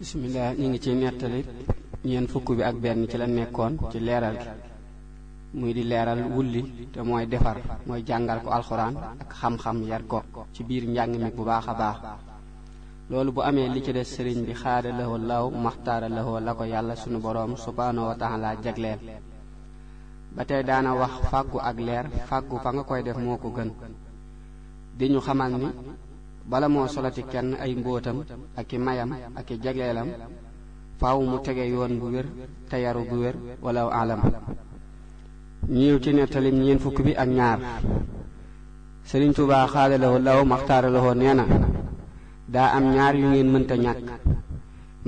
bisimilah ñu ngi ci nettali ñeent fukk bi ak benn ci la nekkoon ci leeral gi muy di leeral wulli te mooy defar mooy jàngal ko alxuraan ak xam-xam yar ko ci biir njàng mi bu baax a baax loolu bu amee li ci des sëriñ bi xaada lahoo law maxtaara lahoo la ko yàlla sunu boroom subhaanahu wa taala jagleel ba tey daana wax fàggu ak leer fàggu fa nga koy def moo ko gën di ñu xamal ni bala moo solati kenn ay mbóotam ak i mayam ak i jagleelam faaw mu tege yoon bu wér te yaru bu wér wala alam ñëw ci nettalim ñeen fukk bi ak ñaar Sëriñ Tuubaa xaadalawoo law maxtaaralawoo nee na daa am ñaar yu ngeen mënta ñàkk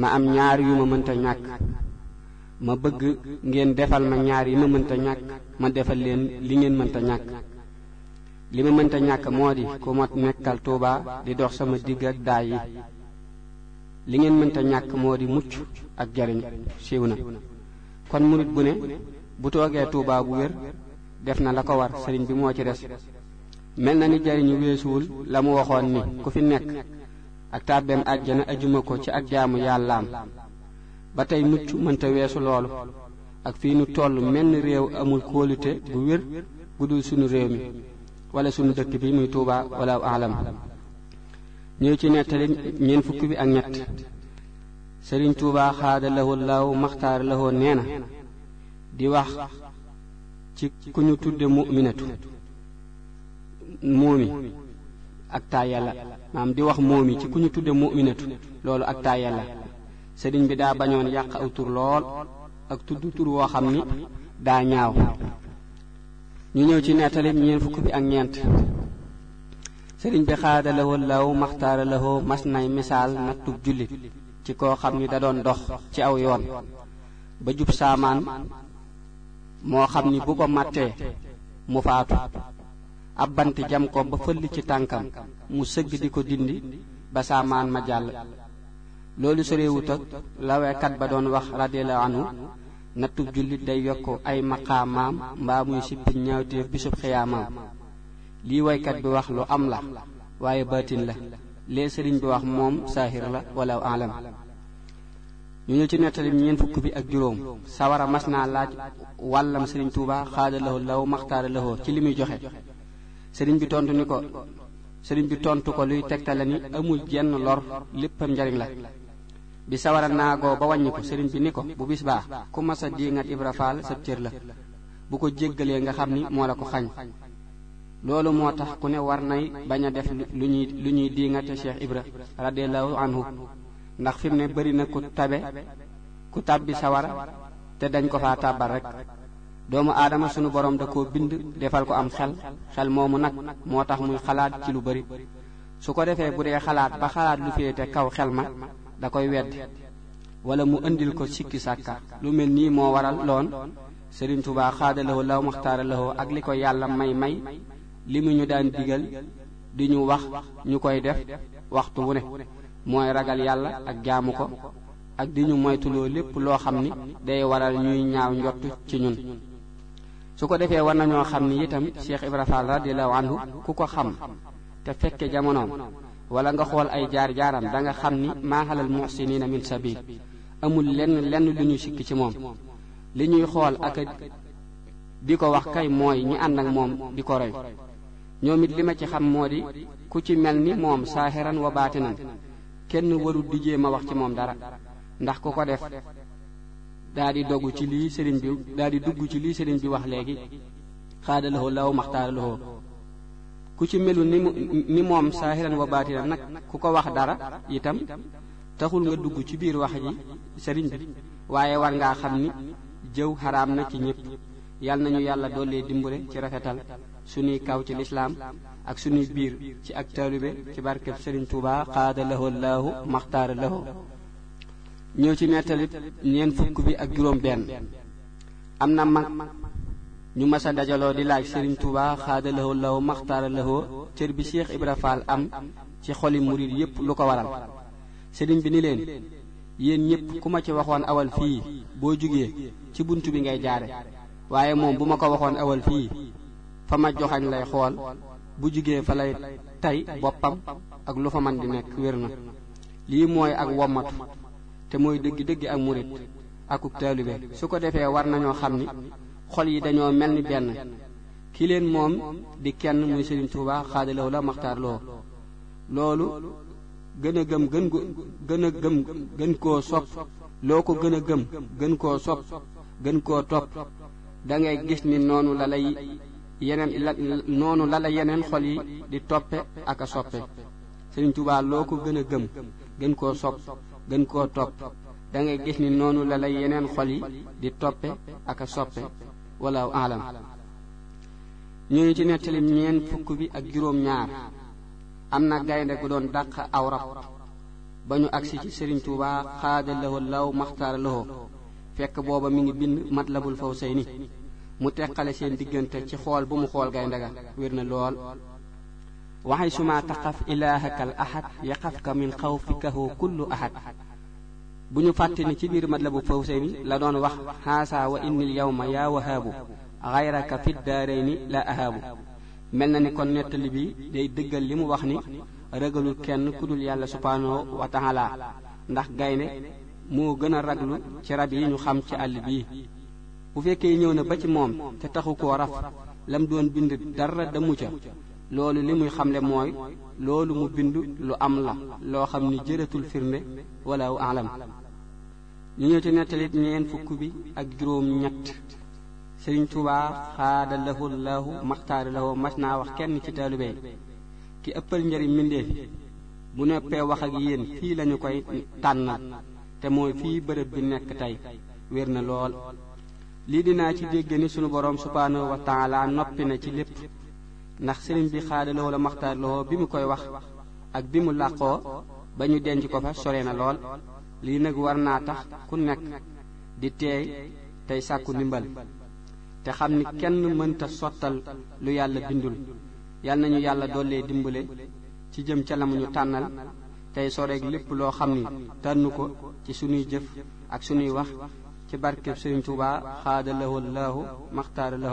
ma am ñaar yu ma mënta ñàkk ma bëgg ngeen defal ma ñaar yi ma mënta ñàkk ma defal leen li ngeen mënta ñàkk li ma mënta ñàkk moo di ku ma nekkal tuuba di dox sama digg ak daay yi li ngeen mënta ñàkk moo di mucc ak jariñ siiw na kon murit bu ne bu toogee tuuba bu wér def na la ko war sëriñ bi moo ci des mel na ni jariñu weesuwul la mu waxoon ni ku fi nekk ak tàbbeem àjjana ajuma ko ci ak jaamu yàllaam ba tey mucc mënta weesu loolu ak fii nu toll menn réew amul kóolute bu wér bu sunu réew mi wala sunu dëkk bi muy Touba wala alam ñëw ci nettali ñeent fukki bi ak ñett sëriñ Touba xaada lahu laaw maxtaar lahu nee na di wax ci ku ñu tudde muminatu moomi ak taa di wax moomi ci ku ñu tudde muminatu loolu ak taa yàlla sëriñ bi daa bañoon yàq aw tur lool ak tudd tur woo xam ni daa ñaaw ñu ñëw ci nettalib ñeen fukk bi ak ñeent sëriñ bi xaada la woon law maxtaara la woo mas nay misaal nattub jullit ci ko xam ni da dox ci aw yoon ba jub saamaan moo xam ni bu ko mattee mu faatu ab bant jam ba fëll ci tànkam mu sëgg di ko dindi ba saamaan ma jàll loolu sorewut ak ba doon wax radiyallahu nattub jullit day yokk ay maqaamaam mbaa muy sippi ñaawteef bisub xiyaamaam lii waykat bi wax lu am la waaye baatin la lee sëriñ bi wax moom saahir la wala alam ñu ñëw ci nettali ñeent fukk bi ak juróom sawara mas naa laaj wàllam sëriñ tuuba xaada lahu law maxtaara lahu ci li muy joxe sëriñ bi tontu ni ko sëriñ bi tontu ko luy tegtale ni amul jenn lor léppam njariñ la bi sawara naagoo ba wàññiku sëriñ bi ni ko bu bis baa ku masa diingat Ibra Faal sab cër la bu ko jéggalee nga xam ni moo la ko xañ loolu moo tax ku ne war nay bañ a def lu ñuy lu ñuy diingate Cheikh Ibra radiallahu anhu ndax fi mu ne bëri na ku tabe ku tàbbi sawara te dañ ko faa tàbbal rek doomu aadama sunu borom da koo bind defal ko am xel xel moomu nag moo tax muy xalaat ci lu bari su ko defee bu dee xalaat ba xalaat lu féete kaw xel ma da koy weddi wala mu indil ko sikki sàkka lu mel nii moo waral loon Serigne Touba xaadalawoo la maxtaaralawoo ak li ko yàlla may may li mu ñu daan digal di ñu wax ñu koy def waxtu wu ne mooy ragal yàlla ak jaamu ko ak di ñu moytuloo lépp loo xam ni day waral ñuy ñaaw njott ci ñun su ko defee war nañoo xam ni itam Cheikh Ibra Fall ku ko xam te fekke jamonoom wala nga xool ay jaar-jaaram da nga xam ni maa halal muhsinina min biir amul lenn lenn lu ñu sikk ci moom li ñuy xool ak di ko wax kay mooy ñi ànd ak moom di ko roy ñoom it li ma ci xam moo di ku ci mel ni moom saahiran wa baatinan kenn warul di jéem a wax ci moom dara ndax ku ko def daa di dogg ci lii sëriñ bi daa di dugg ci lii sëriñ bi wax léegi xaadalahoo law maxtaaralahoo ku ci melu ni mu ni moom saahiran wa baatiran nag ku ko wax dara itam taxul nga dugg ci biir wax ji sëriñ bi waaye war ngaa xam ni jëw xaraam na ci ñépp yal nañu yàlla doolee dimbale ci rafetal suñuy kaw ci lislaam ak sunuy biir ci ak taalube ci barkeb sëriñ Tuubaa xaada lahu laahu maxtaara lahu ñëw ci nettalit ñeent fukk bi ak juróom benn am na mag ñu mas a dajaloo di laaj Serigne Touba xaadalahoo law maxtaara lahoo cër bi Cheikh Ibra Fall am ci xoli murid yépp lu ko waral Serigne bi ni leen yéen ñëpp ku ma ci waxoon awal fii boo jugee ci bunt bi ngay jaare waaye moom bu ma ko waxoon awal fii fa ma joxañ lay xool bu jugee fa lay tey boppam ak lu fa man di nekk wér na lii mooy ak wommatu te mooy dëgg dëgg ak murid akuk taalibe su ko defee war nañoo xam ni xol yi dañoo mel ni benn kii leen moom di kenn muy Sëriñ Tuubaa xaadalaw la maxtaar loo loolu gën a gëm gën a gëm gën koo sopp loo ko gën a gëm gën koo sopp gën koo topp da ngay gis ni noonu la lay la yeneen xol yi di toppe ak loo ko gën a gëm gën koo sopp gën koo topp da ngay gis ni noonu la lay yeneen xol yi di toppe ak a soppe walaaw alam ñu ngi ci nettali ñeen fukk bi ak juróom ñaar am na gaynde gu doon dàq aw rab ba ñu agsi ci sëriñ tuuba xaada lawo law maxtaara lawo fekk booba mu ngi bind matlabul fawsayni mu teqale seen diggante ci xool bu mu xool gaynde ga wér na lool waxay suma taqaf ilaahaka al ahad yaqafka min xawfikahu kullu ahad bu ñu fàtte ni ci biir matlabu fawsayni la doon wax xaasa wa innil yawma yaa wahaabu xayraka fi daarayni la ahaabu mel na ni kon nettali bi day dëggal li mu wax ni ragalul kenn ku dul yàlla subhaanahu wa ndax gaynde moo gën a raglu ci rab yi ñu xam ci àll bii bu fekkee ñëw na ba ci moom te taxu ko raf lam doon bind dara damu ca loolu li muy xamle mooy loolu mu bind lu am la loo xam ni jëratul firnde wala alam ñu ñëw ci nettalit ñeen fukk bi ak juróom ñett sëriñ tubaa xaada lahu maxtaari lahu mas naa wax kenn ci taalibe ki ëppal njariñ mbindeef bu noppee wax ak yéen fii lañu koy tànnal te mooy fii bërëb bi nekk tey wér na lool lii dinaa ci dégg ni sunu boroom subhaanahu wa taala noppi na ci lépp ndax sëriñ bi xaada la maxtaari lahu bi mu koy wax ak bi mu làqoo ba ñu denc ko fa sore na lool lii nag war naa tax ku nekk di teey tey sàkku ndimbal te xam ni kenn mënta sottal lu yàlla bindul yal nañu yàlla doole dimbale ci jëm ca la mu ñu tànnal tey soreeg lépp loo xam ni tànnu ko ci sunuy jëf ak sunuy wax ci barkeb Sëriñ Tuubaa xaada lahoo laahu maxtaara